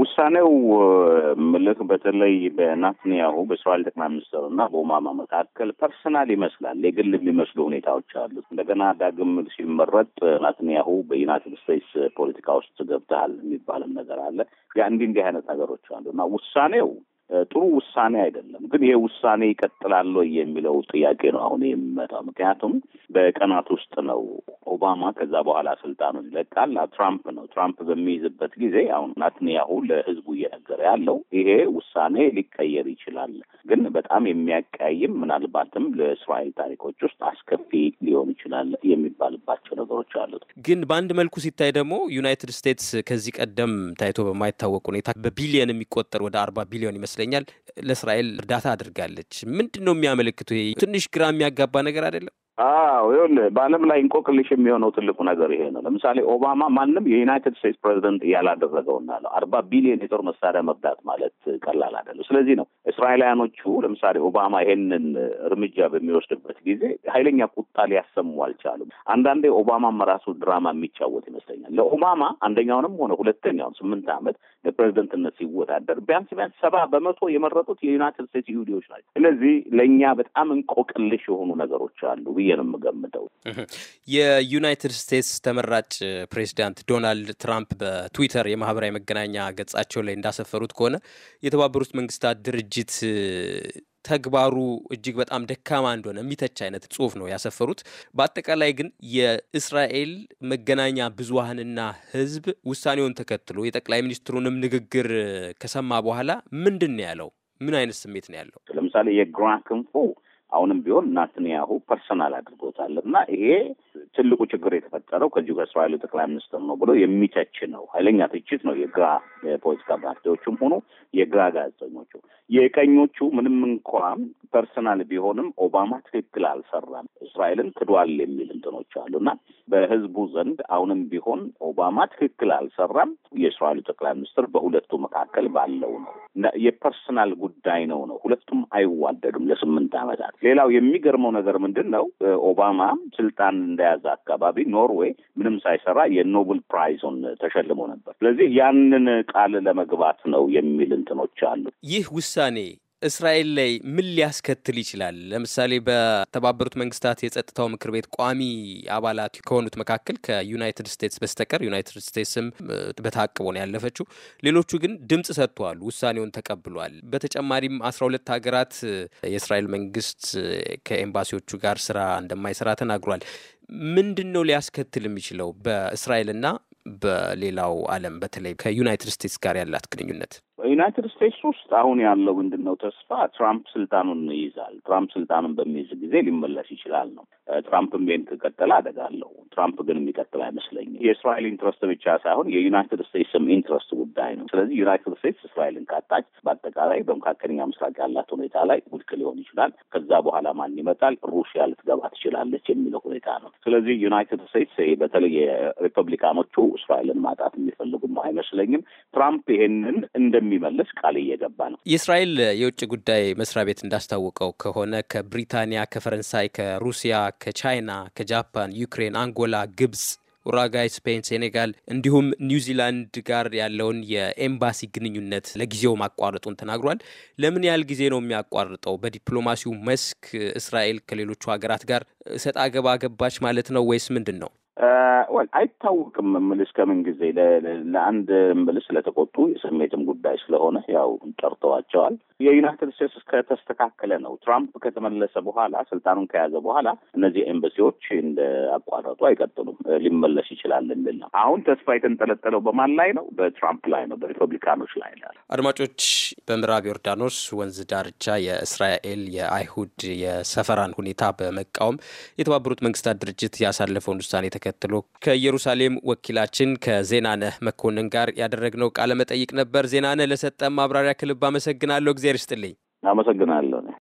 ውሳኔው ምልክ በተለይ በናትንያሁ በእስራኤል ጠቅላይ ሚኒስትር እና በኦባማ መካከል ፐርሰናል ይመስላል። የግል የሚመስሉ ሁኔታዎች አሉት። እንደገና ዳግም ሲመረጥ ናትንያሁ በዩናይትድ ስቴትስ ፖለቲካ ውስጥ ገብተሃል የሚባልም ነገር አለ። ያ እንዲህ እንዲህ አይነት ነገሮች አሉ እና ውሳኔው ጥሩ ውሳኔ አይደለም። ግን ይሄ ውሳኔ ይቀጥላል የሚለው ጥያቄ ነው አሁን የሚመጣው። ምክንያቱም በቀናት ውስጥ ነው ኦባማ ከዛ በኋላ ስልጣኑን ይለቃል። ትራምፕ ነው። ትራምፕ በሚይዝበት ጊዜ አሁን ናትንያሁ ለህዝቡ እየነገረ ያለው ይሄ ውሳኔ ሊቀየር ይችላል፣ ግን በጣም የሚያቀያይም ምናልባትም ለእስራኤል ታሪኮች ውስጥ አስከፊ ሊሆን ይችላል የሚባልባቸው ነገሮች አሉት። ግን በአንድ መልኩ ሲታይ ደግሞ ዩናይትድ ስቴትስ ከዚህ ቀደም ታይቶ በማይታወቅ ሁኔታ በቢሊዮን የሚቆጠር ወደ አርባ ቢሊዮን ይመስለኛል ለእስራኤል እርዳታ አድርጋለች። ምንድን ነው የሚያመለክቱ? ትንሽ ግራ የሚያጋባ ነገር አይደለም? አዎ ይኸውልህ በዓለም ላይ እንቆቅልሽ የሚሆነው ትልቁ ነገር ይሄ ነው። ለምሳሌ ኦባማ ማንም የዩናይትድ ስቴትስ ፕሬዚደንት ያላደረገውና ነው አርባ ቢሊዮን የጦር መሳሪያ መርዳት ማለት ቀላል አይደለም። ስለዚህ ነው እስራኤላውያኖቹ ለምሳሌ ኦባማ ይሄንን እርምጃ በሚወስድበት ጊዜ ኃይለኛ ቁጣ ሊያሰሙ አልቻሉም። አንዳንዴ ኦባማም ራሱ ድራማ የሚጫወት ይመስለኛል። ለኦባማ አንደኛውንም ሆነ ሁለተኛውን ስምንት ዓመት ለፕሬዚደንትነት ሲወዳደር ቢያንስ ቢያንስ ሰባ በመቶ የመረጡት የዩናይትድ ስቴትስ ይሁዲዎች ናቸው። ስለዚህ ለእኛ በጣም እንቆቅልሽ የሆኑ ነገሮች አሉ ብዬ ነው የምገምተው። የዩናይትድ ስቴትስ ተመራጭ ፕሬዚዳንት ዶናልድ ትራምፕ በትዊተር የማህበራዊ መገናኛ ገጻቸው ላይ እንዳሰፈሩት ከሆነ የተባበሩት መንግስታት ድርጅት ተግባሩ እጅግ በጣም ደካማ እንደሆነ የሚተች አይነት ጽሁፍ ነው ያሰፈሩት። በአጠቃላይ ግን የእስራኤል መገናኛ ብዙሀንና ህዝብ ውሳኔውን ተከትሎ የጠቅላይ ሚኒስትሩንም ንግግር ከሰማ በኋላ ምንድን ነው ያለው? ምን አይነት ስሜት ነው ያለው? ለምሳሌ የግራ ክንፉ አሁንም ቢሆን ናትንያሁ ፐርሰናል አድርጎታል እና ይሄ ትልቁ ችግር የተፈጠረው ከዚሁ ከእስራኤሉ ጠቅላይ ሚኒስትር ነው ብሎ የሚተች ነው። ኃይለኛ ትችት ነው የግራ የፖለቲካ ፓርቲዎቹም ሆኑ የግራ ጋዜጠኞቹ። የቀኞቹ ምንም እንኳን ፐርሰናል ቢሆንም ኦባማ ትክክል አልሰራም፣ እስራኤልን ክዷል የሚል እንትኖች አሉ እና በህዝቡ ዘንድ አሁንም ቢሆን ኦባማ ትክክል አልሰራም፣ የእስራኤሉ ጠቅላይ ሚኒስትር በሁለቱ መካከል ባለው ነው የፐርሰናል ጉዳይ ነው ነው። ሁለቱም አይዋደዱም ለስምንት ዓመታት ሌላው የሚገርመው ነገር ምንድን ነው? ኦባማ ስልጣን እንደያዘ አካባቢ ኖርዌይ ምንም ሳይሰራ የኖብል ፕራይዞን ተሸልሞ ነበር። ስለዚህ ያንን ቃል ለመግባት ነው የሚል እንትኖች አሉ። ይህ ውሳኔ እስራኤል ላይ ምን ሊያስከትል ይችላል? ለምሳሌ በተባበሩት መንግስታት የጸጥታው ምክር ቤት ቋሚ አባላት ከሆኑት መካከል ከዩናይትድ ስቴትስ በስተቀር ዩናይትድ ስቴትስም በታቅቦ ነው ያለፈችው። ሌሎቹ ግን ድምፅ ሰጥተዋል፣ ውሳኔውን ተቀብሏል። በተጨማሪም አስራ ሁለት ሀገራት የእስራኤል መንግስት ከኤምባሲዎቹ ጋር ስራ እንደማይሰራ ተናግሯል። ምንድን ነው ሊያስከትል የሚችለው በእስራኤልና በሌላው ዓለም በተለይ ከዩናይትድ ስቴትስ ጋር ያላት ግንኙነት? ዩናይትድ ስቴትስ ውስጥ አሁን ያለው ምንድን ነው ተስፋ ትራምፕ ስልጣኑን ይይዛል። ትራምፕ ስልጣኑን በሚይዝ ጊዜ ሊመለስ ይችላል ነው። ትራምፕም ቤን ከቀጠለ አደጋለሁ ትራምፕ ግን የሚቀጥል አይመስለኝም። የእስራኤል ኢንትረስት ብቻ ሳይሆን የዩናይትድ ስቴትስም ኢንትረስት ጉዳይ ነው። ስለዚህ ዩናይትድ ስቴትስ እስራኤልን ካጣች በአጠቃላይ በመካከለኛ ምስራቅ ያላት ሁኔታ ላይ ውድቅ ሊሆን ይችላል። ከዛ በኋላ ማን ይመጣል? ሩሲያ ልትገባ ትችላለች የሚለው ሁኔታ ነው። ስለዚህ ዩናይትድ ስቴትስ በተለይ የሪፐብሊካኖቹ እስራኤልን ማጣት የሚፈልጉም አይመስለኝም። ትራምፕ ይሄንን እንደሚመልስ ቃል እየገባ ነው። የእስራኤል የውጭ ጉዳይ መስሪያ ቤት እንዳስታወቀው ከሆነ ከብሪታንያ፣ ከፈረንሳይ፣ ከሩሲያ፣ ከቻይና፣ ከጃፓን፣ ዩክሬን፣ አንጎላ፣ ግብጽ ኡራጋይ፣ ስፔን፣ ሴኔጋል እንዲሁም ኒውዚላንድ ጋር ያለውን የኤምባሲ ግንኙነት ለጊዜው ማቋረጡን ተናግሯል። ለምን ያህል ጊዜ ነው የሚያቋርጠው? በዲፕሎማሲው መስክ እስራኤል ከሌሎቹ ሀገራት ጋር እሰጥ አገባ ገባች ማለት ነው ወይስ ምንድን ነው? ወል አይታወቅም ምልስ ከምን ጊዜ ለአንድ ምልስ ለተቆጡ የስሜትም ጉዳይ ስለሆነ ያው ጠርተዋቸዋል። የዩናይትድ ስቴትስ ከተስተካከለ ነው። ትራምፕ ከተመለሰ በኋላ ስልጣኑን ከያዘ በኋላ እነዚህ ኤምባሲዎች እንደ አቋረጡ አይቀጥሉም። ሊመለስ ይችላል የሚል ነው። አሁን ተስፋ የተንጠለጠለው በማን ላይ ነው? በትራምፕ ላይ ነው፣ በሪፐብሊካኖች ላይ ነው። አድማጮች፣ በምዕራብ ዮርዳኖስ ወንዝ ዳርቻ የእስራኤል የአይሁድ የሰፈራን ሁኔታ በመቃወም የተባበሩት መንግስታት ድርጅት ያሳለፈውን ውሳኔ ተከትሎ ከኢየሩሳሌም ወኪላችን ከዜናነህ መኮንን ጋር ያደረግነው ቃለመጠይቅ ነበር። ዜናነህ ለሰጠማ ማብራሪያ ክልብ አመሰግናለሁ። እግዜር ይስጥልኝ። አመሰግናለሁ።